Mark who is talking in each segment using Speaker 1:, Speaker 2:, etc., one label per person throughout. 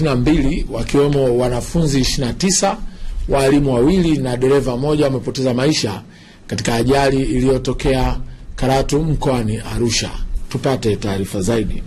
Speaker 1: 62 wakiwemo wanafunzi 29, walimu wawili na dereva mmoja wamepoteza maisha katika ajali iliyotokea Karatu mkoani Arusha. Tupate taarifa zaidi.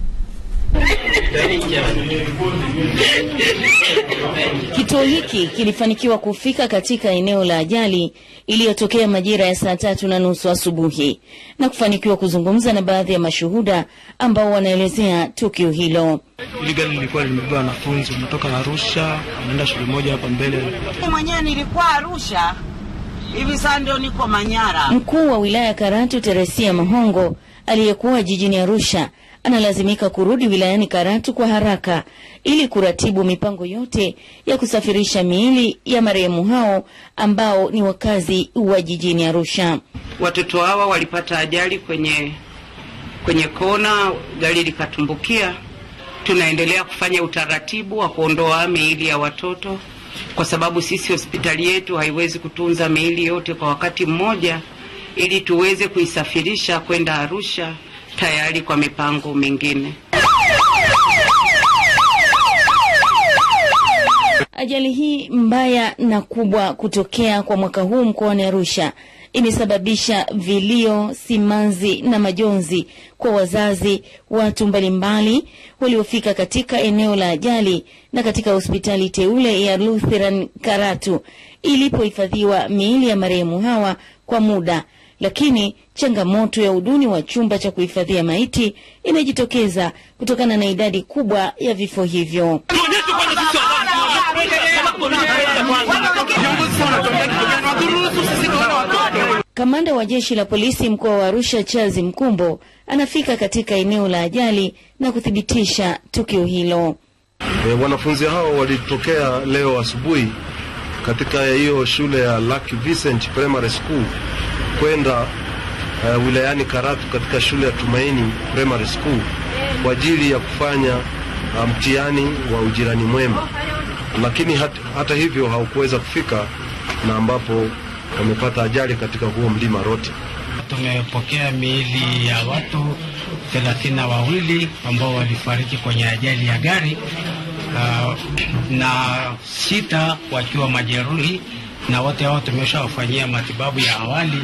Speaker 2: Kituo hiki kilifanikiwa kufika katika eneo la ajali iliyotokea majira ya saa tatu na nusu asubuhi na kufanikiwa kuzungumza na baadhi ya mashuhuda ambao wanaelezea tukio hilo.
Speaker 3: Hili gari lilikuwa limebeba wanafunzi wanatoka Arusha, wanaenda shule moja hapa mbele.
Speaker 4: Mwenyewe nilikuwa Arusha, hivi sasa ndio niko Manyara.
Speaker 2: Mkuu wa wilaya Karatu Teresia Mahongo aliyekuwa jijini Arusha analazimika kurudi wilayani Karatu kwa haraka ili kuratibu mipango yote ya kusafirisha miili ya marehemu hao ambao ni wakazi wa jijini Arusha.
Speaker 5: Watoto hawa walipata ajali kwenye kwenye kona, gari likatumbukia. Tunaendelea kufanya utaratibu wa kuondoa miili ya watoto kwa sababu sisi hospitali yetu haiwezi kutunza miili yote kwa wakati mmoja, ili tuweze kuisafirisha kwenda Arusha tayari kwa mipango mingine.
Speaker 2: Ajali hii mbaya na kubwa kutokea kwa mwaka huu mkoani Arusha imesababisha vilio, simanzi na majonzi kwa wazazi, watu mbalimbali waliofika katika eneo la ajali na katika hospitali teule ya Lutheran Karatu ilipohifadhiwa miili ya marehemu hawa kwa muda lakini changamoto ya uduni wa chumba cha kuhifadhia maiti imejitokeza kutokana na idadi kubwa ya vifo hivyo. Kamanda wa jeshi la polisi mkoa wa Arusha chazi Mkumbo anafika katika eneo la ajali na kuthibitisha tukio hilo.
Speaker 6: E, wanafunzi hao walitokea leo asubuhi katika hiyo shule ya Lucky vicent Primary School kwenda uh, wilayani Karatu katika shule ya Tumaini Primary School kwa ajili ya kufanya uh, mtihani wa ujirani mwema, lakini hat, hata hivyo haukuweza kufika na ambapo wamepata ajali katika huo mlima Rote.
Speaker 7: Tumepokea miili ya watu thelathini na wawili ambao walifariki kwenye ajali ya gari uh, na sita wakiwa majeruhi na wote hao tumeshawafanyia matibabu ya awali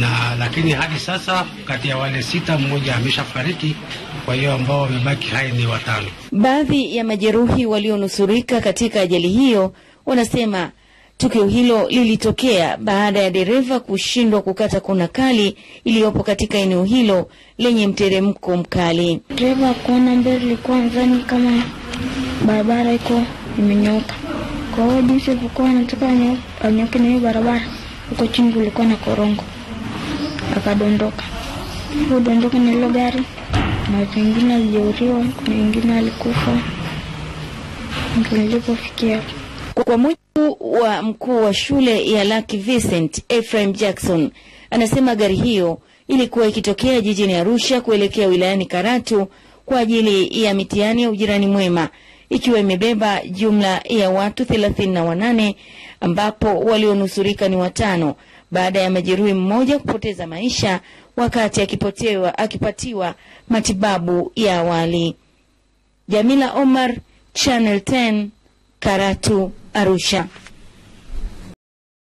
Speaker 7: na lakini hadi sasa kati ya wale sita mmoja ameshafariki, kwa hiyo ambao wamebaki hai ni watano.
Speaker 2: Baadhi ya majeruhi walionusurika katika ajali hiyo wanasema tukio hilo lilitokea baada ya dereva kushindwa kukata kona kali iliyopo katika eneo hilo lenye mteremko mkali.
Speaker 8: Dereva kuona mbele, ilikuwa nzani kama barabara iko imenyoka kwa hiyo jinsi ilivyokuwa anataka wanyooke na hiyo barabara huko chini kulikuwa na korongo, akadondoka. Kudondoka na hilo gari na watu wengine walijeruhiwa, kuna wengine walikufa. Ndio nilipofikia.
Speaker 2: Kwa mujibu wa mkuu wa shule ya Lucky Vincent, Ephraim Jackson anasema gari hiyo ilikuwa ikitokea jijini Arusha kuelekea wilayani Karatu kwa ajili ya mitihani ya ujirani mwema ikiwa imebeba jumla ya watu 38 ambapo walionusurika ni watano baada ya majeruhi mmoja kupoteza maisha wakati akipotewa, akipatiwa matibabu ya awali. Jamila Omar, Channel 10, Karatu, Arusha.